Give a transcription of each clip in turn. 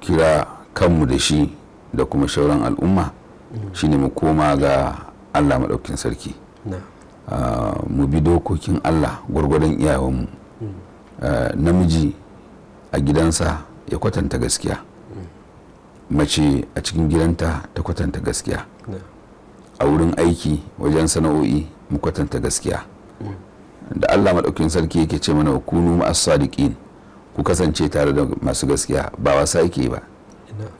kira kanmu da shi da kuma shauran al'umma mm. shine mu koma ga allah maɗaukin sarki ah, mu bi dokokin allah gwargwadon iyawonmu mm. ah, namiji a gidansa ya kwatanta gaskiya mm. mace a cikin gidanta ta kwatanta gaskiya a wurin aiki wajen sana'o'i mu kwatanta gaskiya da allah maɗaukin sarki yake ce mana kunu ma'as sadiqin ku kasance tare da masu gaskiya ba wasa yake ba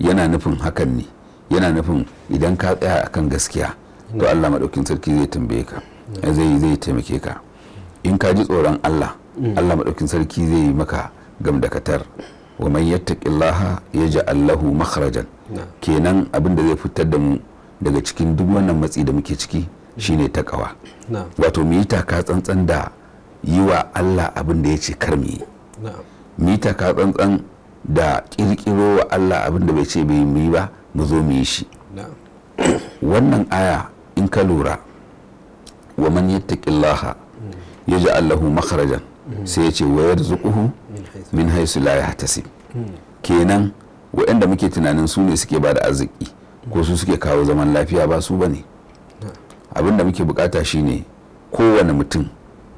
yana nufin hakan ne yana nufin idan ka tsaya akan gaskiya to Allah maɗaukin sarki zai tambaye ka zai zai taimake ka in ka ji tsoron Allah Allah maɗaukin sarki zai yi maka gamdakatar wa man yattaqillaha yaj'al allahu makhrajan kenan abin da zai fitar da mu daga cikin duk wannan matsi da muke ciki shine takawa wato mu yi taka tsantsan da yi wa Allah abin da ya ce kar mu mu yi tsantsan da kirkiro wa Allah abin da bai ce bai yi ba mu zo mu yi shi wannan aya in ka lura wa man yattaqillaha mm. yaj'al lahu makhrajan mm. sai ya ce wa yarzuquhu min haythu la yahtasib mm. kenan waɗanda muke tunanin su ne suke bada arziki ko su suke kawo zaman lafiya ba su bane abin da muke bukata shine kowane mutum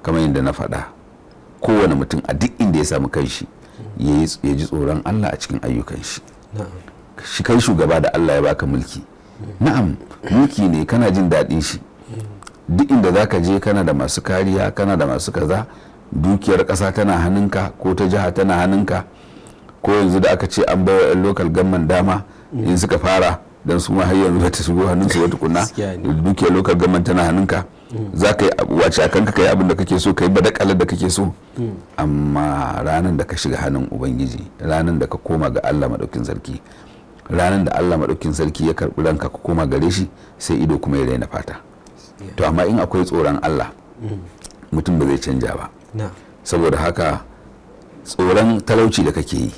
kamar yadda na faɗa kowane mutum a duk inda ya samu kanshi ya ji tsoron Allah a cikin ayyukan shi shi kai shugaba da Allah ya baka mulki na'am mulki ne kana jin daɗin shi duk inda za ka je kana da masu kariya kana da masu kaza dukiyar ƙasa tana hannunka ko ta jiha tana hannunka ko yanzu da aka ce an bai 'yan local gamman dama mm. in suka fara don su ma har yanzu ta shigo hannunsu wata tukuna dukiya lokar gaman tana hannunka mm. za ka yi wace a kanka ka yi abin da kake so ka yi badakalar da kake so mm. amma ranar da ka shiga hannun ubangiji ranar da ka koma ga allah maɗaukin sarki ranar da allah maɗaukin sarki ya karɓi ranka ka koma gare shi sai ido kuma ya daina fata to amma in akwai tsoron allah mm. mutum ba zai canja ba saboda haka tsoron talauci da kake yi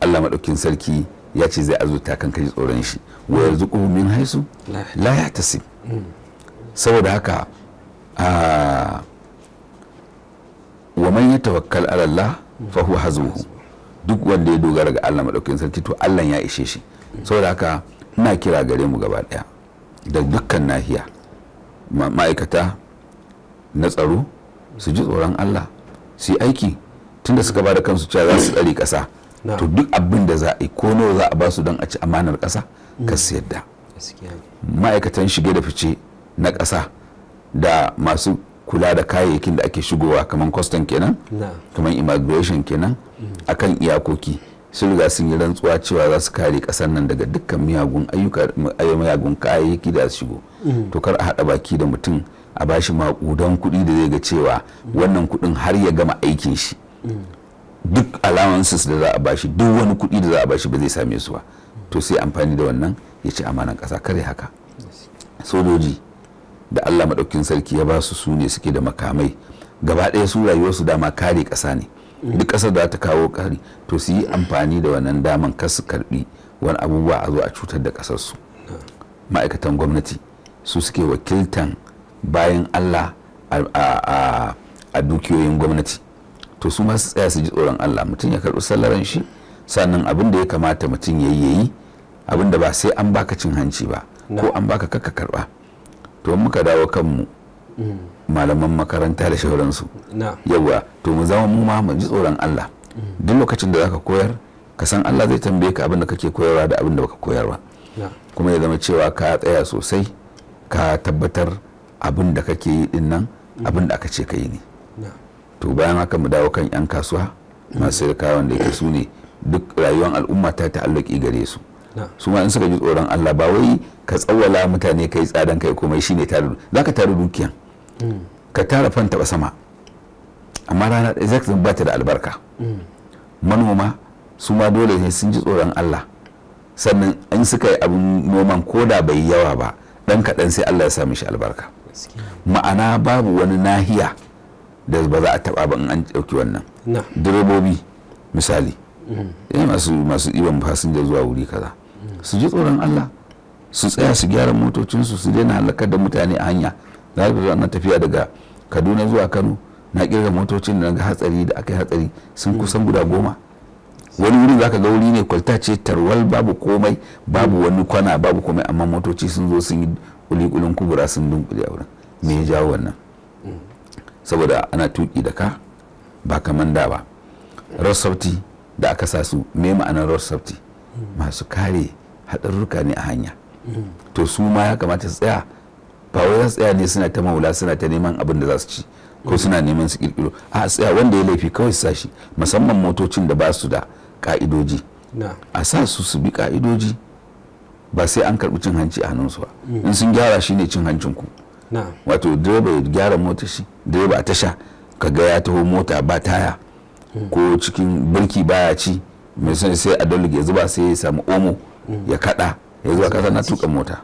allah maɗaukin sarki ya ce zai azurta ta kaji tsoron shi wa yanzu min haisu la ya tasib saboda haka wa man ya tawakkal ala Allah fa huwa hazuhu duk wanda ya dogara ga Allah madaukakin sarki to Allah ya ishe shi saboda haka ina kira gare mu gaba daya da dukkan nahiya ma'aikata na tsaro su ji tsoron Allah su yi aiki tunda suka ba da kansu cewa za su tsare kasa. to duk abin da za a yi ko nawa za a ba su don a ci amanar ƙasa mm. ka siyar da ma'aikatan shige da fice na ƙasa da masu kula da kayayyakin da ake shigowa kamar kwastan kenan kamar immigration kenan mm. akan iyakoki sun riga sun yi rantsuwa cewa za su kare ƙasar nan daga dukkan miyagun ayyuka miyagun kayayyaki da su shigo mm. to kar a haɗa baki da mutum a bashi maƙudan kuɗi da zai ga cewa wannan kuɗin har ya gama aikin shi duk allowances da za a bashi duk wani kuɗi da za a bashi ba zai same su ba to sai amfani da wannan ya ci amanan ƙasa kare haka sojoji da allah maɗaukin sarki ya ba su su ne suke da makamai gaba ɗaya su rayuwarsu dama kare ƙasa ne duk ƙasar da ta kawo kari to su yi amfani da wannan daman kar su karɓi wani abubuwa a zo a cutar da su ma'aikatan gwamnati su suke wakiltan bayan allah a dukiyoyin gwamnati to su ma su tsaya su ji tsoron Allah mutum ya karɓi sallaran shi sannan abin da ya kamata mutum ya yi abin da ba sai an baka cin hanci ba ko an baka kakka karɓa to muka dawo kanmu mm. malaman makaranta da shauransu yawa to mu zama mu ma mu ji tsoron Allah mm. duk lokacin da zaka koyar ka san Allah zai tambaye ka abin da kake koyarwa da abin da baka ba kuma ya zama cewa ka tsaya sosai ka tabbatar abin da kake yi din nan mm. abin da aka ce ka yi ne to bayan haka mu dawo kan 'yan kasuwa masu kawan da yake su ne duk rayuwar al'umma ta ta'allaki gare su su ma in suka ji tsoron Allah ba wai ka tsawwala mutane kai tsadan kai komai shine tare za ka tare dukiyan hmm. ka tara fan taba sama amma rana ɗaya zaka ba ta da albarka hmm. manoma su ma dole ne sun ji tsoron Allah sannan in suka yi abin noman koda bai yawa ba dan kaɗan sai Allah ya sa mishi albarka ma'ana babu wani nahiya da ba za a taba ba in an dauki wannan direbobi misali mm-hmm. eh, masu masu iban fasinja zuwa wuri kaza mm-hmm. su ji tsoron Allah su tsaya su gyara motocinsu su daina halakar da mutane a hanya za su zo tafiya daga Kaduna zuwa Kano na kirga motocin da ga hatsari da aka yi hatsari sun mm-hmm. kusan guda goma wani wuri zaka ga wuri ne kwalta ce tarwal babu komai babu wani kwana babu komai amma motoci sun zo sun yi kulikulin kubura sun dunkule a wurin me ya jawo wannan saboda ana tuki da ka ba kaman da ba rossofti da aka sa su me ma'anar rossofti masu kare haɗarurruka ne a hanya to su ma ya kamata su tsaya ba wai tsaya ne suna ta maula suna ta neman abin da za su ci ko suna neman su kirkiro a tsaya wanda ya laifi kawai sa shi musamman motocin da ba su da ka'idoji a sa su su bi ka'idoji ba sai an karbi cin hanci a su ba mm. in sun gyara shi ne cin hancin ku wato direba ya gyara motar shi da ya ba a tasha kaga ya taho mota ba taya ko cikin birki baya ci mai son sai a dole ya zuba sai ya samu omo ya kada ya zuba kasa na tuka mota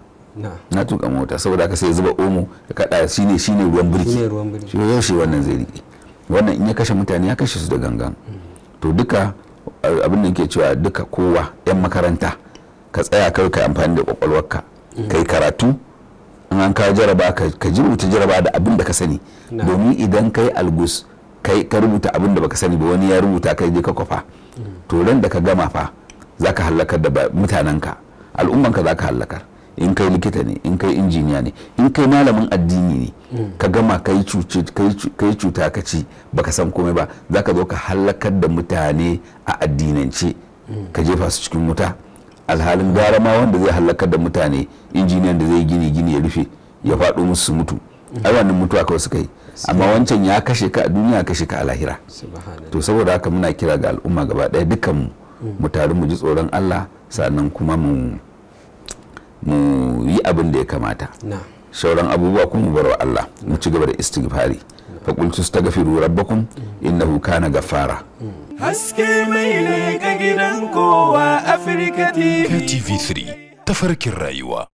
na tuka mota saboda ka sai ya zuba omo ya kada shine shine ruwan birki shi yaushe wannan zai rike wannan in ya kashe mutane ya kashe su da gangan mm. to duka abin da ke cewa duka kowa yan makaranta ka tsaya kai ka amfani da kwakwalwarka mm. kai karatu in an ka jaraba ka ji rubuta jaraba da abin da ka sani domin idan kai algus kai ka rubuta abin da baka sani ba wani ya rubuta kai je ka kwafa mm. to ran da ka gama fa zaka halakar da mutanenka al'ummanka zaka halakar in kai likita ne in kai injiniya ne in kai malamin addini ne mm. ka gama kai cuta ka ci baka san komai ba zaka zo ka halakar da mutane a addinance mm. ka jefa su cikin wuta alhalin gara ma wanda zai halakar da mutane injiniyan da zai gini gini ya rufe ya faɗo musu su mutu ai wannan mutuwa kawai suka yi amma wancan ya kashe ka a duniya kashe ka a lahira to saboda haka muna kira ga al'umma gaba ɗaya dukkanmu mu taru mu ji tsoron Allah sannan kuma mu yi abin da ya kamata sauran abubuwa kuma mu wa Allah mu ci gaba da istighfari fa qul tastaghfiru rabbakum innahu kana gafara haske mai ne ga gidan kowa afrika TV TV3 tafarkin rayuwa